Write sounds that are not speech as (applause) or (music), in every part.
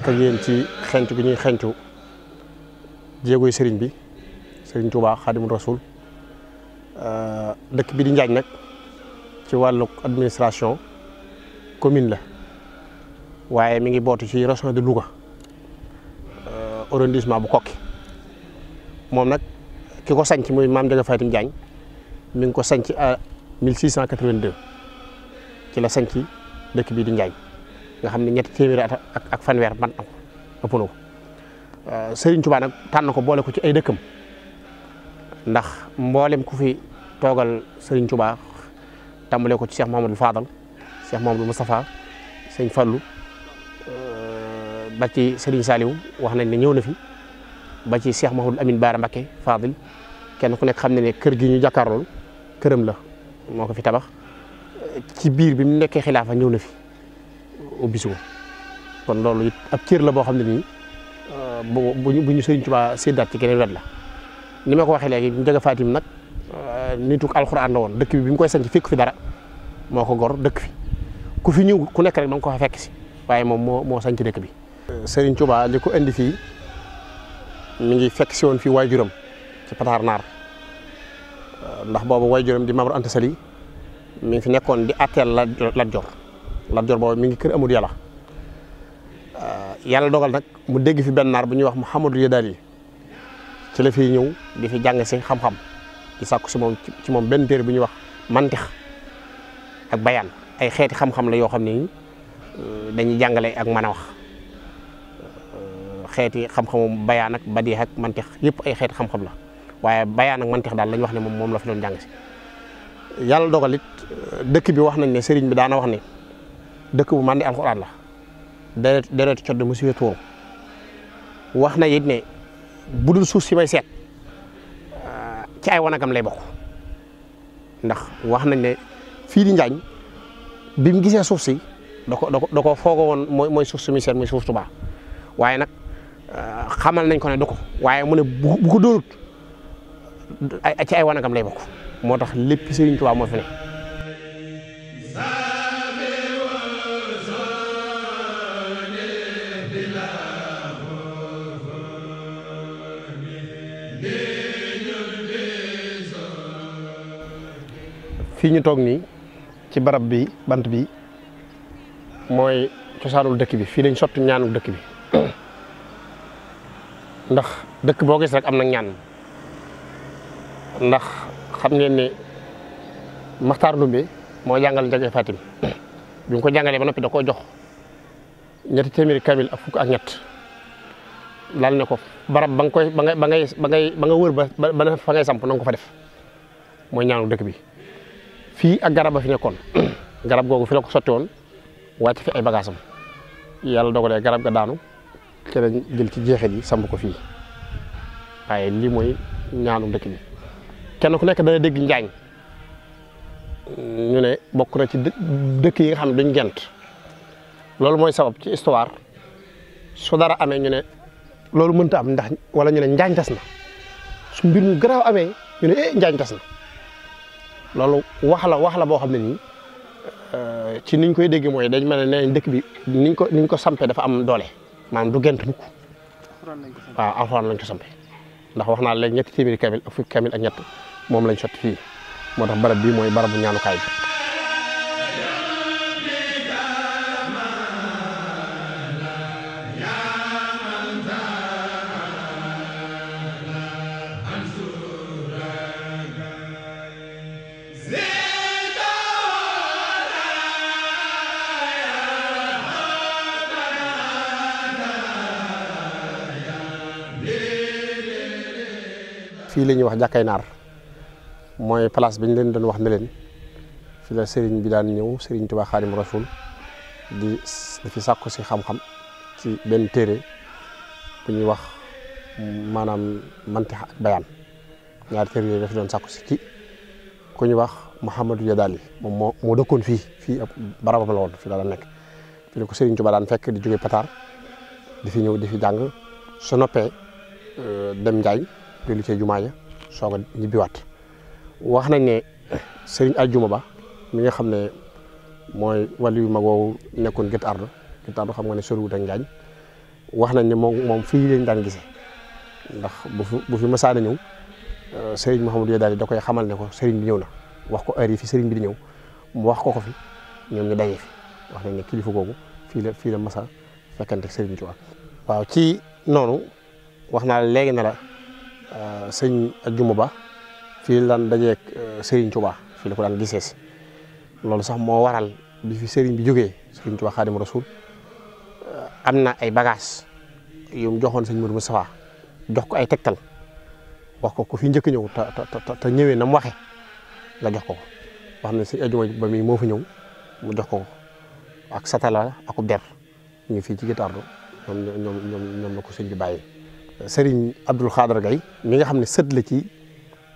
nekk ak ci xentu gi ñuy xentu jéegoy sëriñ bi sëriñ Touba Xaadimu Rasul dëkk bi di Njaañ nag ci wàllu administration commune la waaye mi ngi bootu ci région de Louga euh, arrondissement bu Koki moom nag ki ko sanc muy maam Jaga Fatim Njaañ mi ngi ko sanc à 1682 ci la sanc dëkk bii di Njaañ nga xam ne ñetti téeméeri at ak ak fanweer mat na ko ëpp na ko Serigne Touba nag tànn ko boole ko ci ay dëkkam ndax mboolem ku fi toogal Serigne Touba tàmbale ko ci Cheikh Mouhamadou Fadal Cheikh Mouhamadou Moustapha sëñ Fallou ba ci Serigne Saliou wax nañ ne ñëw na fi ba ci Cheikh Mouhamadou Amine Bara Mbacké Fadil kenn ku nekk xam ne ne kër gi ñu jàkkaarlool këram la moo ko fi tabax ci biir bi mu nekkee xilaafa ñëw na fi. ubbi si kon loolu it ab cër la boo xam ne nii bu bu ñu Sëriñ Tuubaa séddaat ci keneen wet la ni ma ko waxee léegi Ndiaga Fatim nag euh, nituk alxuraan la woon dëkk bi bi mu koy sanc fekk fi dara moo ko gor dëkk fi ku fi ñëw ku nekk rek da nga ko fa fekk si waaye moom moo moo sanc dëkk bi. Sëriñ Tuubaa li ko indi fii mi ngi fekk si woon fii juróom ci Pataar Naar ndax boobu waajuram di Maam Mor Anta Sali mi fi nekkoon di atteel la Lat Joor Lat Joor boobu mi ngi kër amul yàlla yàlla dogal nag mu dégg fi benn naar bu ñuy wax mu Yadaali ci la fiy ñëw di fi jàng si xam-xam di sàkku si moom ci moom benn téere bu ñuy wax mantix ak ay xeeti xam la yoo xam ne euh, dañuy jàngale ak mën a wax euh, xeeti xam-xamu bayaan ak badix ak mantix yëpp ay xeeti xam-xam la waaye bayaan ak mantix daal lañ wax ne moom moom la fi doon jàng si yàlla euh, dëkk bi wax nañ ne sëriñ bi daana wax ne dëkk bu màndi alxuraan la deret deret codd mu siwe tuuru wax na it ne bu dul suuf si may seet ci ay wanagam lay bokk ndax wax nañ ne fii di Njaañ bi mu gisee suuf si da ko da ko foogoo woon mooy mooy suuf su muy seet muy suuf Tuubaa waaye nag xamal nañ ko ne du ko waaye mu ne bu ko dóorut ci ay wanagam lay bokk moo tax lépp Sëriñ Tuubaa moo fi ne fi ñu tok ni ci barab bi bant bi mooy cosaanul dekk bi fi lañ sotti ñaanul dekk bi (clears throat) ndax dekk bo gis rek am na ñaan ndax xam ngeen ne lu mbé mo jangal jage Fatim (clears throat) bi mu ko jàngalee ba nopi da ko jox ñet téeméeri kamil ak fuk ak ñet lal ne ko barab bang koy ba ngay ba ngay ba nga wër ba ba fa ngay samp nang ko fa def moy ñaanu dekk bi fii ak garab a fi nekkoon (clears throat) garab googu fi la ko sotti woon wàcc fi ay bagaasam yàlla dogalee garab ga daanu ci lañ jël ci jeexit yi samb ko fii waaye lii mooy ñaanu dëkk bi kenn ku nekk dana dégg njaañ ñu ne bokk na ci dëkk yi nga xam ne duñ gent loolu mooy sabab ci histoire su dara amee ñu ne loolu mënta am ndax wala ñu ne njaañ tas na su mbir mu garaaw amee ñu ne eh njaañ tas na loolu wax la wax la boo xam ne nii euh, ci niñ koy dégg mooy dañ mel ne nee dëkk bi niñ ko niñ ko sampee dafa am doole maanaam du gent mukk waaw alxuraan lañ ko sampe ndax wax naa léegi ñetti téeméeri kamil ak fukki kamil ak ñett moom lañ sotti fii moo tax barab bii mooy barabu ñaanukaay bi fii la ñuy wax jàkkay naar mooy place bi ñu leen doon wax ne leen fi la sëriñ bi daan ñëw sëriñ Tuubaa Xaadim Rasuul di fi sàkku si xam-xam ci benn téere bu ñuy wax maanaam mantixa ak bayaan ñaari téere yooyu daf doon sàkku si ci ku ñu wax Mouhamadou Yadali moom moo moo dëkkoon fii fii ab barabam la woon fi la daan nekk fi la ko sëriñ Tuubaa daan fekk di jóge Pataar di fi ñëw di fi jàng su noppee euh, dem Njaay julli ca jumaa ja soog a ñibbiwaat wax nañ ne sëriñ ajjuma ba mi nga xam ne mooy wàllu yu mag woowu nekkoon gët ardo gët ardo xam nga ne soriwut ak njaañ wax nañ ne moom moom fii lañ daan gisee ndax bu fi bu fi masaana ñëw euh, sëriñ Mouhamadou daal da koy xamal ne ko sëriñ bi ñëw na wax ko heure yi fi sëriñ bi di ñëw mu wax ko ko fi ñoom ñu daje fi wax nañ ne kilifa googu fi la fii la masa fekkante sëriñ waaw ci noonu wax naa léegi ne Euh, sëñ ak juma ba fii lan dajeeg euh, Serigne Touba fii la ko daan gisee loolu sax moo waral bi fi sëriñ bi jógee Serigne Touba Khadim Rasoul euh, am na ay bagages yu mu joxoon sëñ Modou Moustapha jox ko ay tegtal wax ko ko fi njëkk ñëw te ñëwee na mu waxee nga jox ko ko wax ne sëñ ajuma ba mi moo fi ñëw mu jox ko ak satala akub der ñu ngi fii ci gitaar ñoom ñoom ko sëñ bi bàyyi. sëriñ Abdul Xaadar Gay mi nga xam ne sët la ci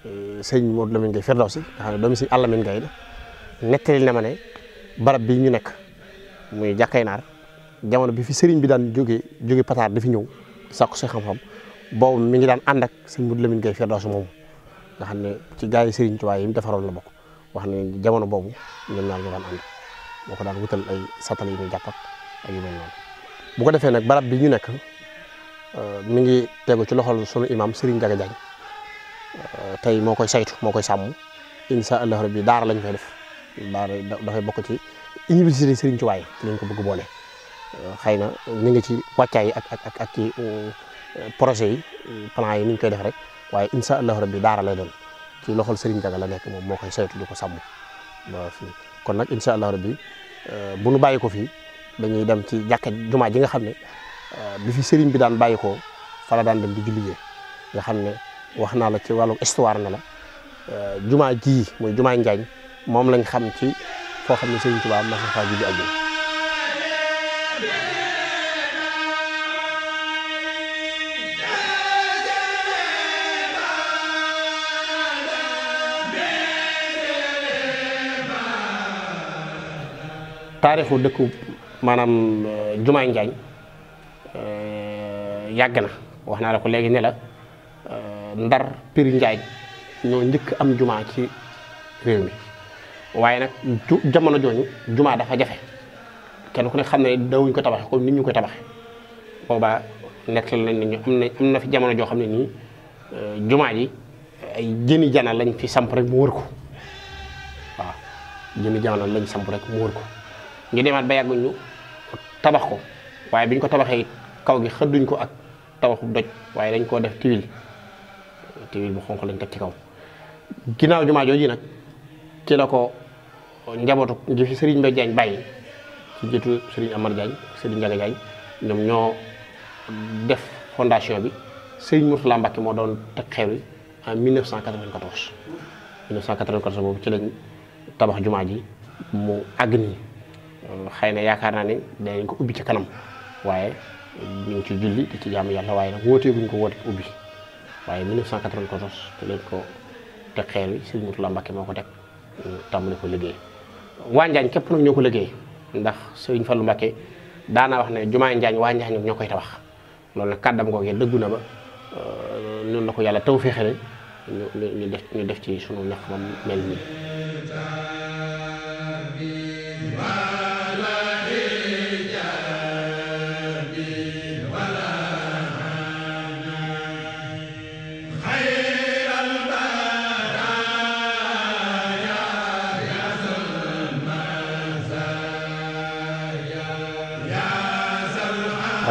euh, sëriñ Modou Lamine Gay Firdawsi nga xam ne doomi sëriñ Alamin Gay la nettali na ma ne barab bi ñu nekk muy jàkkay naar jamono bi fi sëriñ bi daan jóge jóge pataar di fi ñëw sàkku si xam-xam boobu mi ngi daan ànd ak sëriñ Modou Lamine Gay Firdawsi moomu nga xam ne ci gaa yi sëriñ Tuubaa yi mu defaroon la bokk wax ne jamono boobu ñoom ñaar ñu daan ànd moo ko daan wutal ay satal yi muy jàpp ak defee nag barab bi ñu nekk Euh, mu ngi tegu ci loxol sunu imam Serigne Ndiaga Diagne euh, tey moo koy saytu moo koy sàmm incha allah rabbi daara lañ koy def daara dafay bokk ci université Serigne Touba ko bëgg boole euh, xëy na ñu ngi ci wàccaay ak ak ak ci projet yi plan yi ni koy def rek waaye incha allah rabbi daara lay doon ci loxol Serigne Ndiaga la nekk moom moo koy saytu di ko sàmm waaw kon nag incha allah rabbi bu nu bàyyi ko fii dañuy dem ci jàkka jumaa ji nga xam ne. Euh, bi fi sëriñ bi daan bàyyi ko fa daan dem di julli nga xam ne wax naa la ci wàllu histoire na la euh, jumaa ji muy jumaa Njaañ moom lañ xam ci foo xam ne sëriñ Tuubaa mas na faa julli ajjuma dëkku maanaam euh, jumaa Njaañ yàgg na wax naa la ko léegi ne la ndar Piri Njaay ñoo njëkk am jumaa ci réew mi waaye nag jamono jooju jumaa dafa jafe kenn ku ne xam ne dawuñ ko tabaxe comme nit ñu koy tabaxe boobaa nekk nañ ne ñu am na am na fi jamono joo xam ne nii jumaa ji ay jëni jana lañ fi samp rek mu wër ko waaw jëni jana lañ samp rek mu wër ko ñu demaat ba yàgguñu tabax ko waaye biñ ko tabaxee kaw gi xëdduñ ko ak tabaxu doj waaye dañ koo def tiwil tiwil bu xonq lañ teg ci kaw ginnaaw jumaa jooju nag ci la ko njabootu gi sëriñ Serigne jaañ Diagne bàyyi ci jiitu Serigne Amar Diagne Serigne Ndiaga Diagne ñoom ñoo def fondation bi Serigne Mourtala Mbacke moo doon teg xew yi en 1994 1994 boobu ci lañ tabax jumaa ji mu àgg nii xëy na yaakaar naa ni danañ ko ubbi ci kanam waaye ñu ngi ci julli di ci jaamu yàlla waaye nag wootee buñ ko woote ubbi waaye 1994 te leen ko teg xeer si sëñ Mourtala Mbacke moo ko teg tàmbali ko liggéey waa Njaañ képp nag ñoo ko liggéey ndax sëñ Fallou Mbacke daana wax ne jumaay Njaañ waa Njaañ ñoo koy tawax loolu nag kàddam googee dëggu na ba euh, noonu la ko yàlla tew féexale ñu ñu def ñu def ci sunu ñax ba mel nii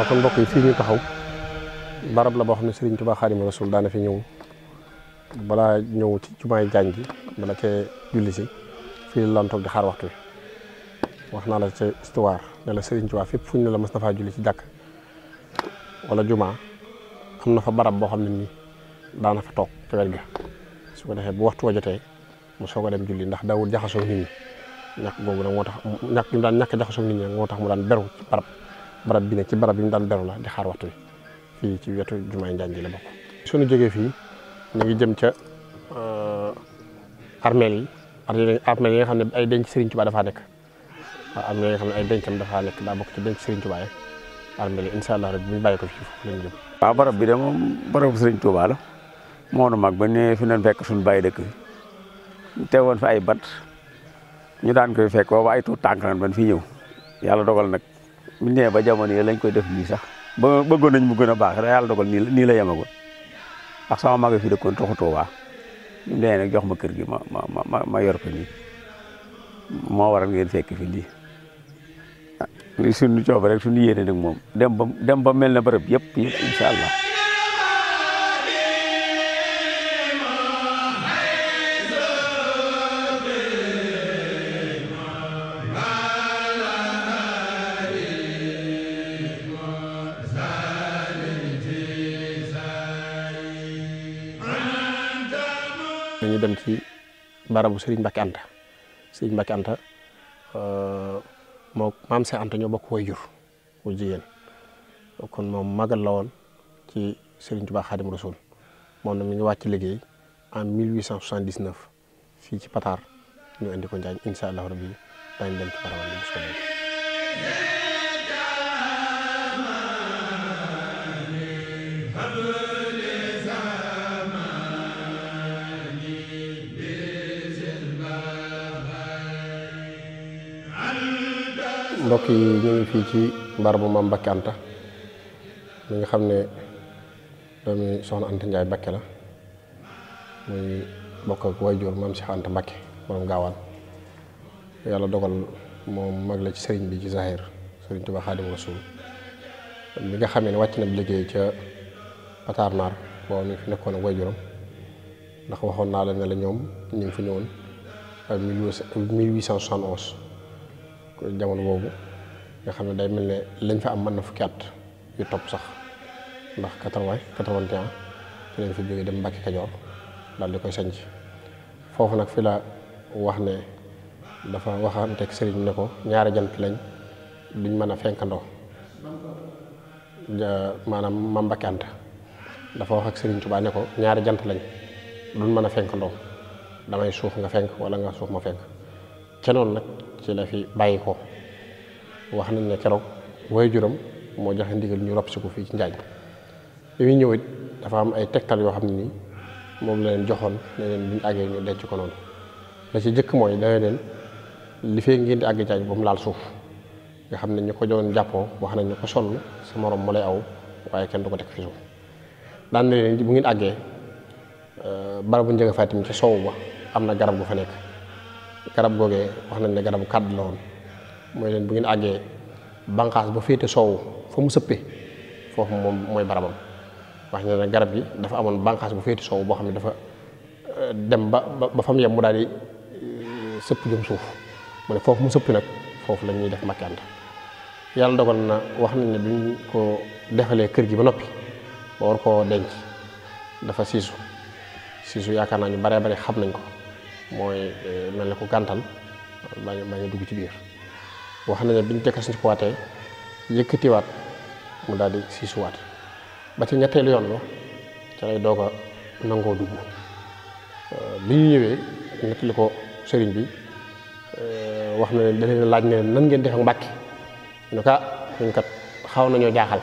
waaw kon mbokk yi fii ñu taxaw barab la boo xam ne Serigne Touba Xaadimu Rasuul daana fi ñëw balaa ñëw ci jumaay jaañ ji bala cee julli si fii la toog di xaar waxtu wax naa la ca histoire ne la Serigne fépp fu ñu la mas na faa julli ci jàkk wala jumaa am na fa barab boo xam ne nii daana fa toog ci wet su ko defee bu waxtu wa jotee mu soog a dem julli ndax daawul jaxasoo nit ñi ñàkk boobu nag moo tax ñàkk ñu daan ñàkk jaxasoo nit ñi moo tax mu daan beru barab barab bi ne ci barab bi mu daan beru la di xaar waxtu bi la bokk. suñu jógee fii ñu ngi jëm ca euh, armeel yi armeel yi nga xam ne ay denc Serigne Touba dafaa nekk waaw armeel yi xam ne ay dencam dafaa nekk bokk ci denc Serigne Touba yi armeel yi bu ñu bàyyi barab bi de moom barabu Serigne Touba la moo nu mag ba ñu fi doon fekk suñu bàyyi dëkk bi teewoon fi ay bat ñu daan koy fekk booba ay tuut tànk lan ban fi ñëw yàlla dogal nag. bu ba jamono yi lañ koy def nii sax ba bëggoon nañ mu gën a baax yàlla dogal nii la nii la yemagul ak sama mag fi dëkkoon toxu Tuubaa ñu nee nag jox ma kër gi ma ma ma ma yor ko nii moo waral ngeen fi lii. Ah, li suñu coob rek suñu yéene nag moom dem ba dem ba mel na bërëb yëpp yëpp incha dem ci barabu Serigne Mbacke Anta Serigne Mbacke Anta euh, moo maam Seex Anta ñoo bokk way jur wu jigéen kon moom magal la woon ci Serigne Touba Khadim Rasoul moom na mi ngi wàcc liggéey en 1879 fii ci Pataar ñu indi ko Njaañ incha allahu rabi daañu dem ci barabam bi mbokk yi ñu ngi fii ci mbarabu maam Mbacke Anta mi nga xam ne doomi soxna Anta Ndiaye Mbacke la muy bokk ak waajur maam Cheikh Anta Mbacke moom gaawaan yàlla dogal moom mag la ci sëriñ bi ci Zahir sëriñ Tuubaa Xaadimu Rasuul mi nga xamee ne wàcc na liggéey ca Pataar Naar boobu fi nekkoon ak waajuram ndax waxoon naa la ne la ñoom ñu ngi fi ñëwoon ak mille huit cent soixante jamono boobu nga xam ne day mel ne lañ fa am mën na fukki at yu topp sax ndax quatre-vingt vingt lañ fa jógee dem Mbàkke Kajoor daal di koy sanc foofu nag fi la wax ne dafa waxanteeg sëriñ ne ko ñaari jant lañ duñ mën a fenkandoo maanaam ma Mbàkke Anta dafa wax ak sëriñ Tuubaa ne ko ñaari jant lañ duñ mën a fenkandoo damay suuf nga fenk wala nga suuf ma fenk ca nag ci la fi bàyyi ko wax nañ ne keroog waajuram moo joxe ndigal ñu rob si ko fii ci Njaañ bi muy ñëw dafa am ay tegtal yoo xam ne nii moom la leen joxoon ne leen buñ àggee ñu denc ko noonu la ci jëkk mooy dana leen li fee ngeen di àgg Njaañ ba mu laal suuf nga xam ne ñu ko doon jàppoo wax nañ ne ko sonn sa morom mu lay aw waaye kenn du ko teg fi suuf daan na leen bu ngeen àggee euh, bu njëga fatim ci sow ba am na garab gu fa nekk garab goge wax nañ ne garab kad lawon moy len bu ngeen agge bankas bu fete sow fo mu sëppe fofu mom moy barabam wax ne ne garab gi dafa amoon bankas bu fete sow bo xamni dafa euh, dem ba ba fam yam mu daal euh, sepp jom suuf mo ne fofu mu sëppi nak fofu lañuy def Mbàkke yalla dogal na wax nañ ne duñ ko defale kër gi ba nopi ba war ko denc dafa sisu sisu yakarna ñu bare bare xam nañ ko mooy eh, mel na ko gàntal maa ngi maa ngi dugg ci biir wax na ne bi ñu jëkkas ni kuwaatee yëkkatiwaat mu daal di siisuwaat ba ci ñetteelu yoon la ca lay doog a nangoo dugg eh, bi ñu ñëwee nettali ko sëriñ bi eh, wax na ne da leen laaj ne nan ngeen def ak mbàkki ñu ka ah, ñun kat xaw nañoo jaaxal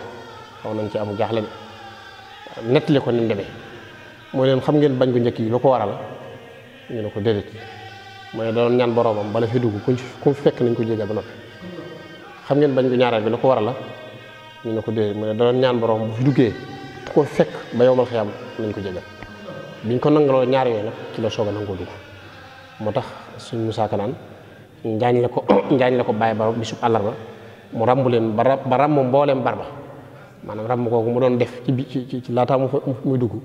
xaw nañ ci amu jaaxle nettali ko ni mu mooy leen xam ngeen bañ bu njëkk yi lu ko waral ñu ko dedet moy da doon ñaan boroomam bala fi dugg ku ku fekk nañ ko jégal ba xam ngeen bañ ko ñaareel bi lako waral la ñu ko dedet moy da doon ñaan borom bu fi duggé ko fekk ba yow xiyam nañ ko jéggal biñ ko nangalo ñaar yoy nak ci la soga a nangoo dugg moo tax suñ Musaa Ka naan njaañ la ko ñaan (coughs) la ko baye ba allah ba mu rambu len ba ram mo mbolem barba manam ram ko kooku mu doon def ci ci ci laataa mu muy dugg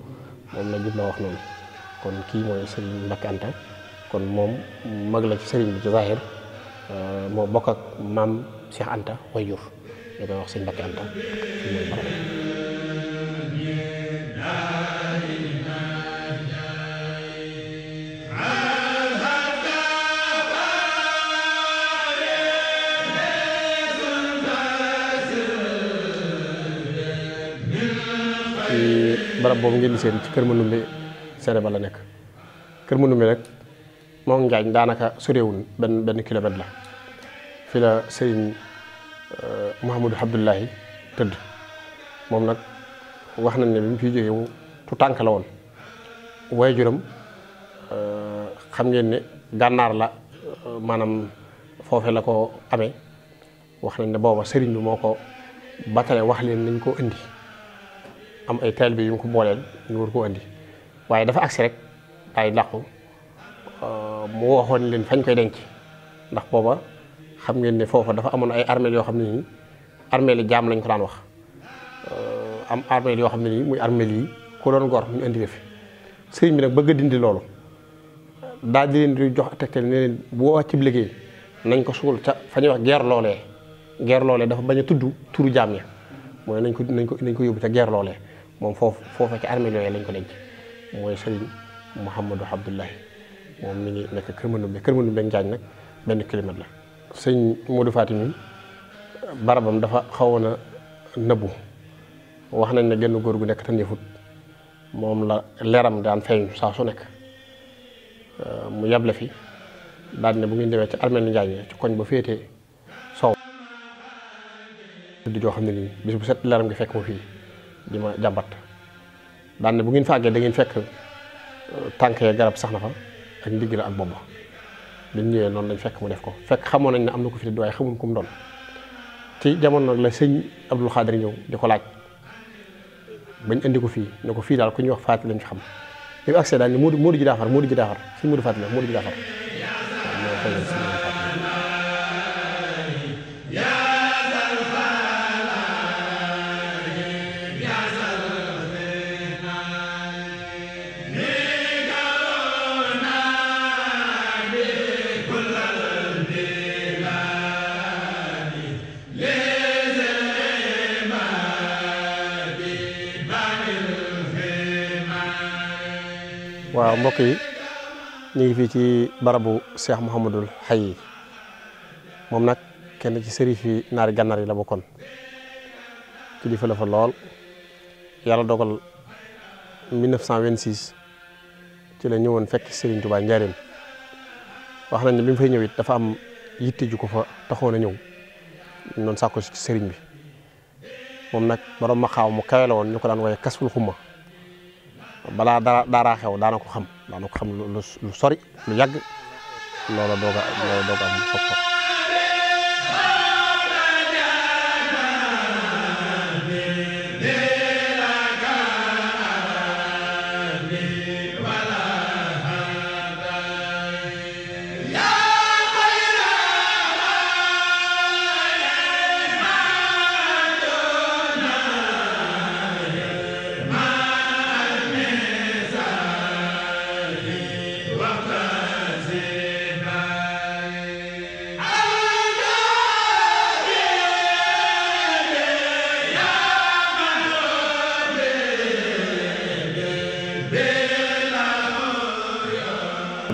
mom la jub la wax noonu kon kii mooy Serigne Mbacké Anta kon moom mag la ci Serigne bi ci zahir euh, moo bokk ak maam Cheikh Anta wayjur ñu wax Serigne Mbacké Anta barab boobu ngeen di ci kër Mandoumbe seere bala nekk kër mënu mi rek moom Njaañ daanaka sorewul benn benn la fi la sëriñ euh, Mouhamadou Abdoulahi tëdd moom nag wax nañ ne bi mu fiy jógee tu tànk la woon waaye juróom euh, xam ngeen ne gànnaar la euh, maanaam foofe la ko amee wax nañ ne booba sëriñ lu moo ko batale wax leen nañ ko indi am ay taalibe yu ko booleel ñu war koo indi waaye dafa agsi rek daay làqu euh, mu waxoon leen fañ koy denc ndax booba xam ngeen ne foofa dafa amoon ay armeel yoo xam ne nii armeel yi jaam lañ ko daan wax euh, am armeel yoo xam ne nii muy armeel yi ku doon gor ñu indi fi sëriñ bi nag bëgg dindi loolu daal di leen di jox tegtal ne leen boo wàccib liggéey nañ ko suul ca fa ñuy wax geer loolee geer loolee dafa bañ a tudd turu jaam ya mooy nañ ko nañ ko nañ ko yóbbu ca geer loolee moom foofu foofa ca armeel yooyu lañ ko denc mooy sëriñ Mouhamadou Abdoulahi moom mi ngi nekk Kër Mandoumbe Kër Mandoumbe Njaañ nag benn kilomètre la sëñ Modou Fatim barabam dafa xawoon a nëbbu wax nañ ne genn góor gu nekk tëndeefut moom la leeram daan feeñ saa su nekk mu yeble fi daal ne bu ngeen demee ci armeel Njaañ ci koñ ba féetee sow di joo xam ne nii bis bu set leeram gi fekk mu fii di ma jàmbat dan ne bu ngeen fa àggee da ngeen fekk tànk ya garab sax na fa ak ndigg la ak bopp ba bi ñu lañ fekk mu def ko fekk xamoon nañ ne am na ko fi di waaye xamuñ doon ci jamono nag la sëñ Abdul khadir ñëw di ko laaj bañ indi ko fii ne ko fii daal ku ñuy wax Faati lañ fi xam bi mu agsee daal ne Moodu Moodu ji daafar Moodu ji daafar sëñ Moodu Faati la ji daafar mbokk yi ñu ngi fii ci barabu Cheikh Mouhamadul Hayyi moom nag kenn ci sërif yi naari gànnaar yi la bokkoon kilifa la fa lool yàlla dogal 1926 ci la ñëwoon fekk Serigne Touba Njaaréem wax nañ ne bi mu fay ñëw it dafa am yitte ju ko fa taxoon a ñëw noonu sàkko ci Serigne bi moom nag borom ma xaaw mu kawe woon ñu ko daan wooye kasful xumma balaa dara daaraa xew daana xam daana ko xam lu sori lu yàgg loola doog a loola doog a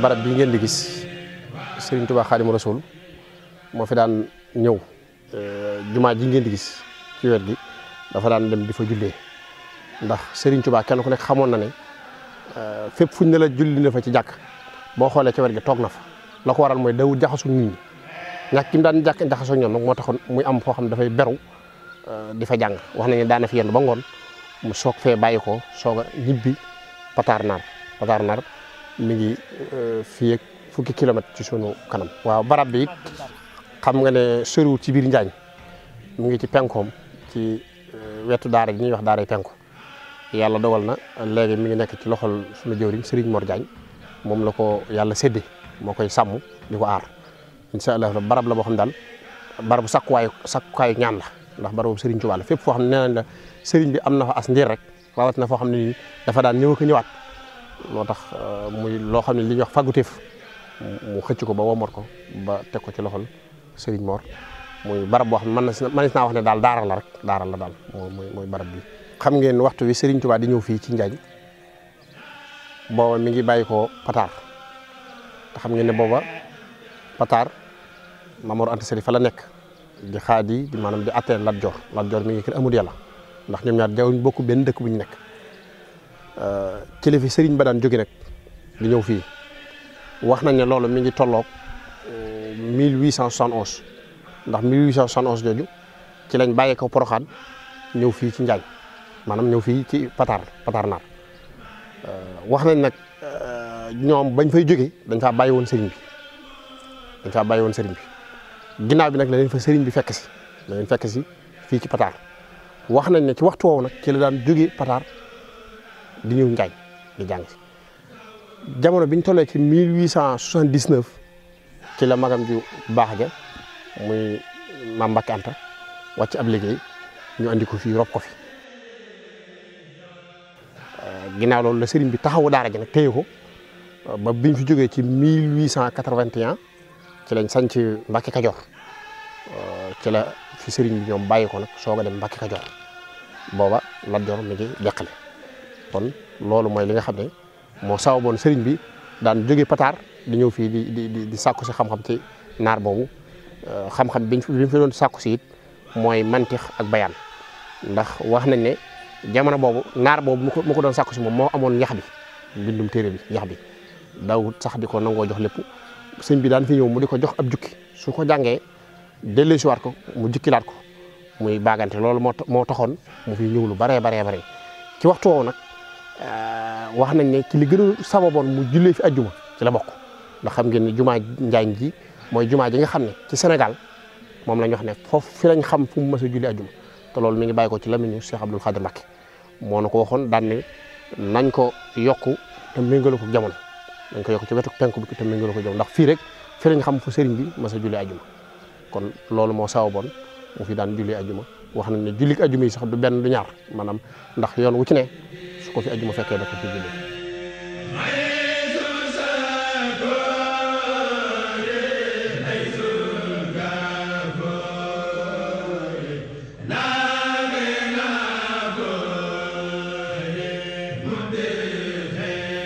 barab bi ngeen di gis Serigne Touba Xaadimu Rasuul moo fi daan ñëw jumaa ji ngeen di gis ci wet gi dafa daan dem di fa jullee ndax Serigne Touba kenn ku nekk xamoon na ne euh, fépp fuñ ne la julli na fa ci jàkk boo xoolee ci wet gi toog na fa la ko waral mooy dawul jaxasu nit ñi ñàkk ki mu daan jàkk jaxasoo ñoom nag moo taxoon muy am foo xam dafay beru euh, di fa jàng wax nañu daana fi yenn ba ngoon mu soog fee bàyyi ko soog a ñibbi pataar naar pataar naar mi ngi euh, fii fukki kilomètre ci sunu kanam. waaw barab bi it xam nga ne soriwul ci biir Njaañ mu ngi ci penkoom ci euh, wetu daara ji ñuy wax daaray penko yàlla dogal na léegi mi ngi nekk ci loxol sunu jëwriñ Serigne Mor Diagne moom la ko yàlla séddee moo koy sammu di ko aar incha allah barab la boo xam daal barabu sakkuwaayu sakkuwaayu ñaan la ndax barabu Serigne Touba la fépp foo xam ne nee nañ la Serigne bi am na fa as ndiir rek foo xam ne nii dafa daan ñëw ko ñëwaat. moo tax euh, muy loo xam ne li ñuy wax fàgguteef mu xëcc ko ba womat ko ba teg ko ci loxol sëriñ Mor muy barab boo xam ne mën na si mënees wax ne daal daara la rek daara la daal mooy barab bi. xam ngeen waxtu wi Serigne Touba di ñëw fii ci Njaañ booba mi ngi bàyyi ko Pataar te xam ngeen ne booba Pataar Mamour Anta Sali fa la nekk di xaadi di maanaam di atteindre Lat Joor Lat Joor mi ngi kër amul yàlla ndax ñoom ñaar jawuñ bokk benn dëkk bu ñu nekk. ci li fi sëriñ ba daan jóge rek di ñëw fii wax nañ ne loolu mi ngi tolloog 1871 euh, ndax 1871 jooju ci lañ bàyyee ko Poroxaan ñëw fii ci Njaañ maanaam ñëw fii ci Pataar Pataar Naar euh, wax nañ nag euh, ñoom bañ fay jóge dañ faa bàyyi woon sëriñ bi dañ faa bàyyi woon sëriñ bi ginnaaw bi nag la leen fa sëriñ bi fekk si la fekk si fii ci Pataar wax nañ ne ci waxtu woowu nag ci la daan jóge Pataar di ñëw Njaañ di jàng si jamono bi ñu tollee ci 1879 ci la magam ju baax ja muy maam Mbacke Anta wàcc ab liggéey ñu andi ko fi rob ko fi euh, ginnaaw loolu la sëriñ bi taxawu daara ji nag téye euh, ba biñ fi jógee ci 1881 ci lañ sanc Mbacke Kajoor euh, ci la fi sëriñ bi ñoom bàyyi ko nag soog a dem Mbacke Kajoor booba Lat Joor mi ngi deqale kon loolu mooy li nga xam ne moo sawaboon sëriñ bi daan jóge pataar di ñëw fii di di di sàkku si xam-xam ci naar boobu euh, xam-xam biñ fi fi doon sàkku si it mooy mantix ak bayaan ndax wax nañ ne jamono boobu naar boobu ko doon sàkku si moom moo amoon ñax bi mbindum téere bi ñax bi dawut sax di ko nangoo jox lépp sëñ bi daan fi ñëw mu di ko jox ab jukki su ko jàngee delloosiwaat ko mu jukkilaat ko muy baagante loolu moo moo taxoon mu fi ñëw lu baree baree bare ci waxtu woowu nag. Euh, wax nañ ne ci li gën mu jullee fi ajjuma ci la juma ndax xam ngeen ni juma njaañ ji mooy jumaa ji nga xam ne ci Sénégal moom la wax ne foofu fi lañ xam fu mu mës a julli ajjuma mi ngi bàyyi ko ci lamiñu Cheikh Abdoul Khadir Mbacké mo na ko waxoon daan nañ ko yokk te méngale ko jamono dañ ko yokk ci wetu penku bi te ko jamono ndax fi rek fi lañ xam fu bi kon loolu mo sababon mu fi dan julli ajjuma wax nañ ne julli ajjuma yi sax du ben du ñaar maanaam ndax yoon wu ci su ko fi ajjuma fekkee da ko fi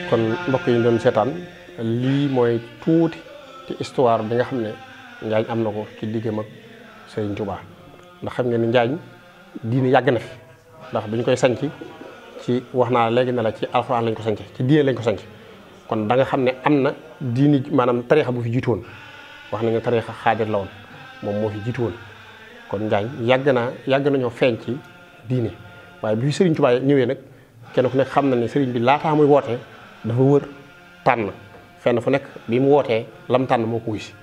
kon mbokk yi ñu seetaan lii mooy tuuti ci histoire bi nga xam ne Njaañ am na ko ci diggam ak Serigne Touba ndax xam nga ni Njaañ diine yàgg na fi ndax bi koy sañci ci wax naa léegi ne la ci alxuraan lañ ko sanc ci diine lañ ko sanc kon da nga xam ne am na diini maanaam tariixa bu fi jiitu woon wax nañu tariixa xaadir la woon moom moo fi jiitu woon kon Njaañ yàgg naa yàgg nañoo feeñ ci diine waaye bi Serigne Touba ñëwee nag kenn ku nekk xam na ne Serigne bi laataa muy wootee dafa wër tànn fenn fu nekk bi mu wootee lam tànn moo ko wuy si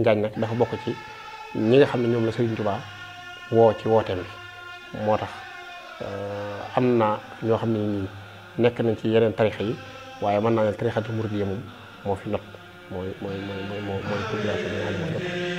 Njaañ nag dafa bokk ci ñi nga xam ne ñoom la Serigne Touba woo ci wooteem bi moo tax. Euh, am na ñoo xam ne nii nekk nañ ci yeneen tarixa yi waaye mën naa ne tarixatu murid yi moom moo fi not mooy mooy mooy mooy mooy population bi nga xam ne moo not